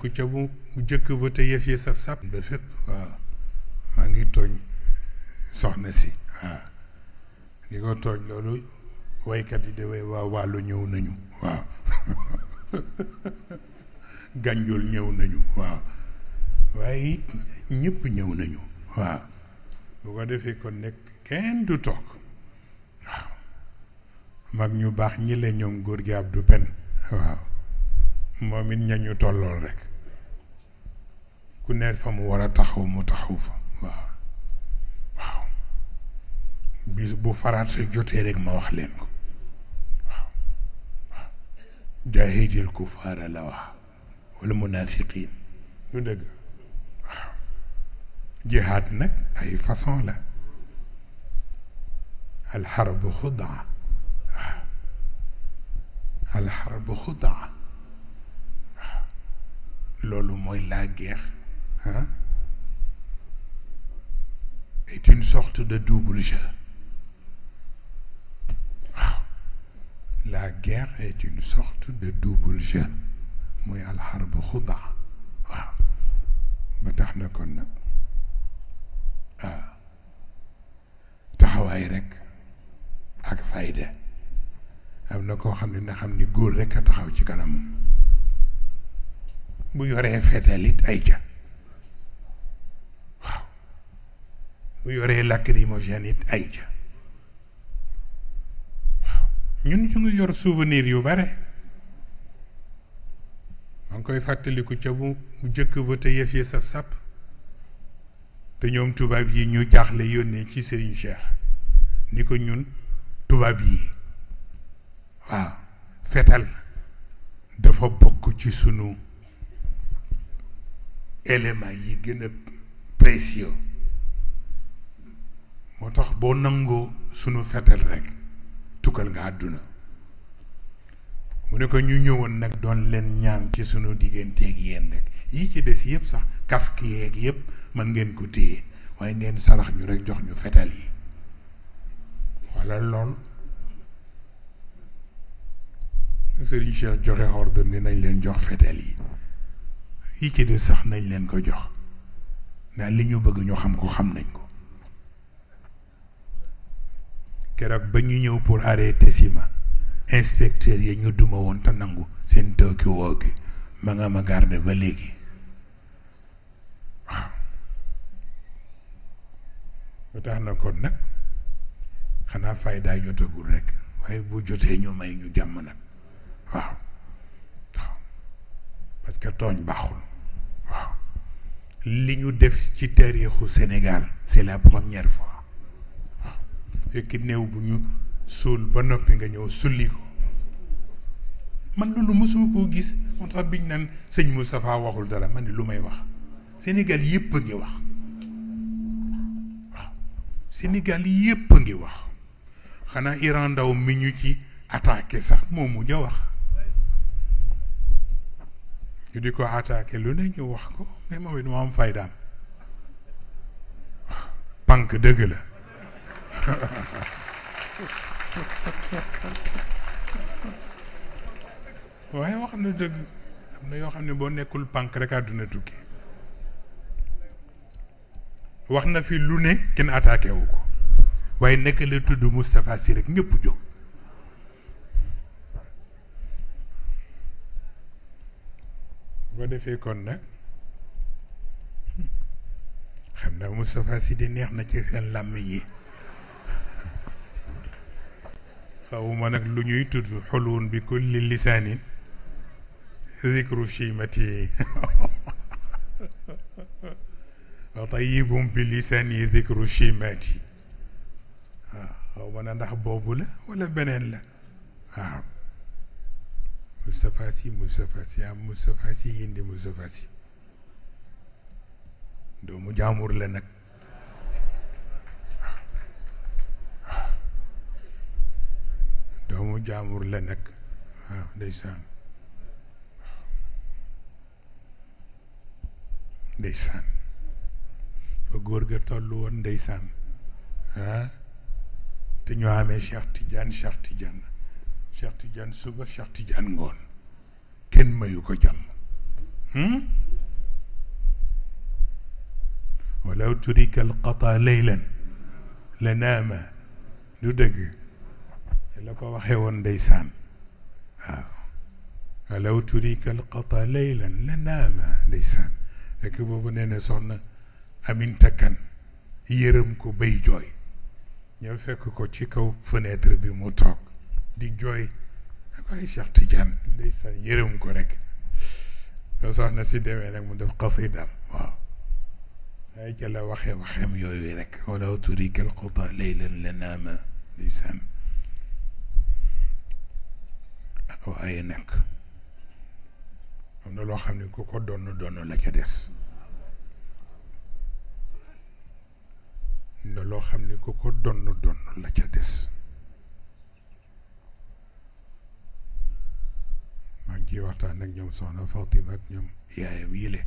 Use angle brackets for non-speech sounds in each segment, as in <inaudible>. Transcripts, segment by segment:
ku ca bu jëkk ba te yëf yi saf sap waaw maa ngi tooñ soxna si waaw loolu waykat yi de waa wàllu ñëw nañu waaw <laughs> ñëw nañu waaw waaye ñëpp ñëw nañu waaw ko defee kon du toog waaw mag ñu baax ñile le ñoom góor gi Abdou Pen waaw moom it ñañu tollool rek كنير فم ورا تخو متخوفا واو واو بو فرانس جوتي ريك ما واخ لينكو الكفار لا والمنافقين لو دغ جهاد اي فاصون الحرب خدعه الحرب خدعه لولو موي لا hein, est une sorte de double jeu. La guerre est une sorte de double jeu mooy alxarbu xudaa waaw ba tax na kon nag waaw taxawaay rek ak fayda am na koo xam ne na xam ni góor rek a taxaw ci kanam bu yoree fetal it ay ca bu yoree lacrymogène it ay ca ñun ñu ngi yor souvenir yu bare maa ngi koy fàttaliku ca bu mu jëkk ba te yëf yi sap te ñoom tubaab yi ñu la yónnee ci Serigne Cheikh ni ko ñun tubaab yi waaw fetal dafa bokk ci sunu élément yi gën a moo tax boo nangoo sunu fetal rek tukkal nga àdduna mu ne ko ñu ñëwoon nag doon leen ñaan ci sunu digganteeg yéen rek yii ci def yëpp sax casque yépp yëpp mën ngeen ko téye waaye ngeen sarax ñu rek jox ñu fetal yi walla lool Serigne Cheikh joxe ordre ni nañ leen jox fetal yi yi ci des sax nañ leen ko jox ndax li ñu bëgg ñu xam ko xam nañ ko keroog ba ñu ñëw pour arrêté sima inspecteur yi ñu duma woon te nangu seen tëwki wooki ma nga ma garde ba léegi waaw lu tax na kon nag xanaa faydaa jotagul rek waaye bu jotee ñu may ñu jàmm nag waaw waaw que tooñ baaxul waaw li ñu def ci taarixu Sénégal c'est la première fois fekk néew bu ñu suul ba noppi nga ñëw sulli ko man loolu mosuma koo gis moo tax biñ naan sëñ Moustapha waxul dara man ni lu may wax senegal yëpp a ngi wax waaw Sénégal yëpp a ngi wax xanaa Iran ndaw mi ñu ci attaqué sax moom mu ja wax ñu di ko attaqué lu ne ñu wax ko mais moom it mu am faydaam waaw pank dëgg la waaye wax na dëgg am na yoo xam ne boo nekkul pànk rek àdduna tukki wax na fi lu ne kenn attaqué wu ko waaye nekk la tudd Moustapha Sy rek ñëpp jóg boo defee kon nag xam naa Moustapha Sy di neex na ci seen làmm yi هما نك لنيو تود حلون بكل لسان ذكر شيمتي وطيب بلسان ذكر شيمتي هما نك بوبولا ولا بنين لا مصفاسي مصفاسي مصفاسي هندي مصفاسي دومو لنك doomu jaamur la nag waaw ndeysaan ndeysaan fa góor ga toll woon ndeysaan ah te ñoo amee Cheikh Tidiane Cheikh Tidiane suba Cheikh Tidiane ngoon kenn mayu ko jàmm hmm? walaw turika alqata leylan la naama du dëgg لك وحيوان ديسان آه. لو تريك القطا ليلا لنام ديسان يكبو بنين سون امين تكن يرمكو بي جوي يفكو كو تشيكو فنيتر بي موتوك دي جوي اي شيخ تيجان ديسان يرمكو رك وصحنا سيدي مالك مدف قصيدة واو هاي جلا وخيم وخيم يوي رك ولو تريك القطا ليلا لنام ديسان aw ay nekk am na loo xam ne ku ko donn donn la ca des am na loo xam ne ko donn donn la ca des mag ji waxtaan ak ñoom soxna Fatima ak ñoom yaayam yile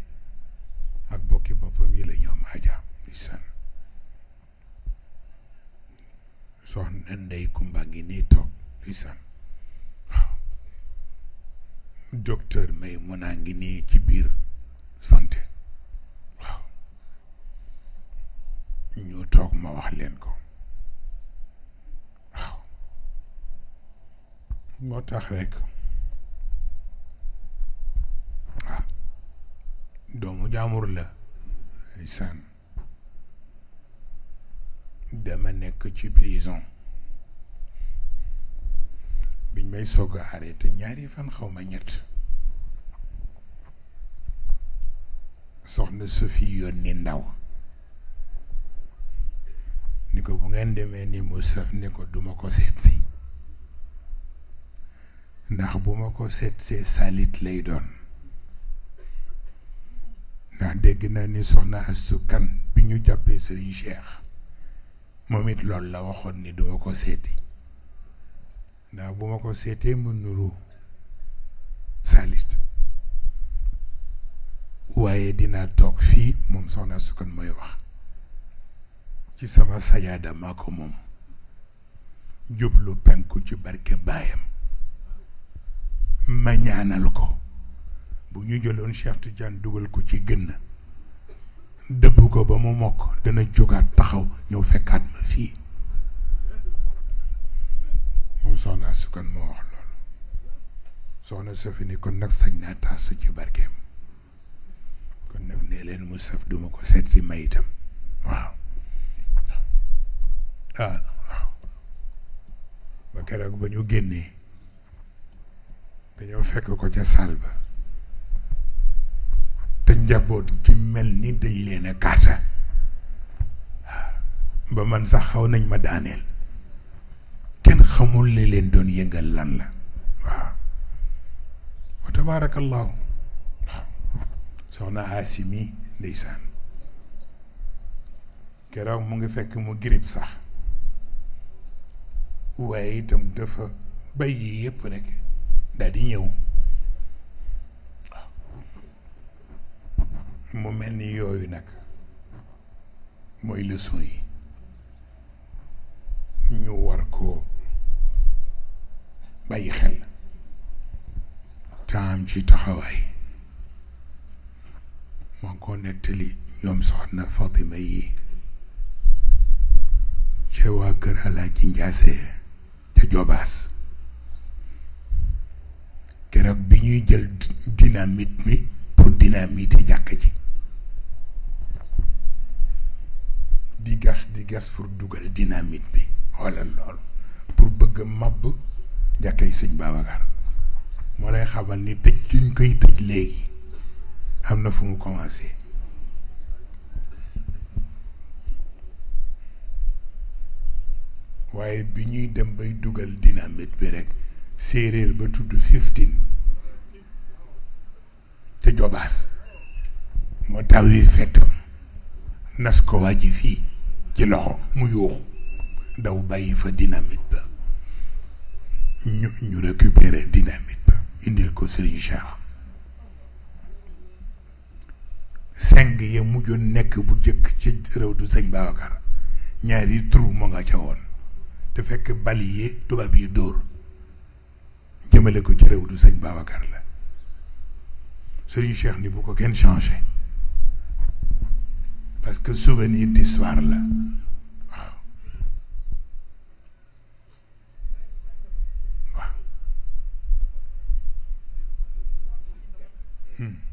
ak bokki boppam yile ñoom aja lisan soxna ndey kumba ngi nii toog lisan may docteur Maïmouna ngi nii ci biir santé waaw ñu toog ma wax leen ko waaw moo tax rekk waaw ah. doomu jaamur la san dama nekk ci prison biñ may soog a arrêté ñaari fan xaw ma ñett soxna yoon yónni ndaw ni ko bu ngeen demee ni mu saf ni ko duma ko seet si ndax bu ma ko seet see salit lay doon ndax dégg naa ni soxna Astu Kan bi ñu jàppee Serigne Cheikh moom it loolu la waxoon ni duma ko seeti ndax bu ma ko seetee mu nuru saalit waaye dinaa toog fii moom soxna sukkan mooy wax ci sama sajaada maa ko moom jublu penku ci barke baayam ma ko bu ñu jëloon Cheikh Tidiane dugal ko ci gën dëbb ko ba mu mokk dana jógaat taxaw ñëw fekkaat ma fii moom soxna su kon moo wax loolu soxna sa kon nag sañ naa taasu ci barkeem kon nag nee leen mu saf duma ko seet si may itam ah, waaw ba keroog ba ñu génnee dañoo fekk ko ca saal ba te njaboot gi mel ni dañ leen a kaata ah, ba man sax xaw nañ ma daaneel xamul li leen doon yëngal lan la waaw wa soxna Asimi ndeysaan keroog mu ngi fekk mu girib sax waaye itam dafa bàyyi yëpp rek daal di ñëw mu mel ni yooyu nag mooy leçon yi bàyyi xel taam ci taxawaay moo ko nettali ñoom soxna Fatima yi ca waa kër Alaaji Njaase ca Jobaas keroog bi ñuy jël dynamite mi pour dynamite jàkk ji di gas di gas pour dugal dynamite bi xoolal loolu pour bëgg a jàkkay sëñ Babacar moo lay xamal ni tëj giñ koy tëj léegi am na fu mu commencé waaye bi ñuy dem bay dugal dynamite bi rekk séeréer ba tudd fifteen te jobaas moo taw yi fettam nas ko waa ji fii ci loxo mu yooxu daw bàyyi fa dynamite ba ñu ñu récupérer dynamique ba indil ko Serigne Cheikh seng ya mujjoon nekk bu jëkk ci réew du sëñ Babacar ñaari trou moo nga ca woon te fekk bal yi tubaab yi dóor jëmale ko ci réew du sëñ Babacar la Serigne Cheikh ni bu ko kenn changé parce que souvenir d'histoire la Hmm.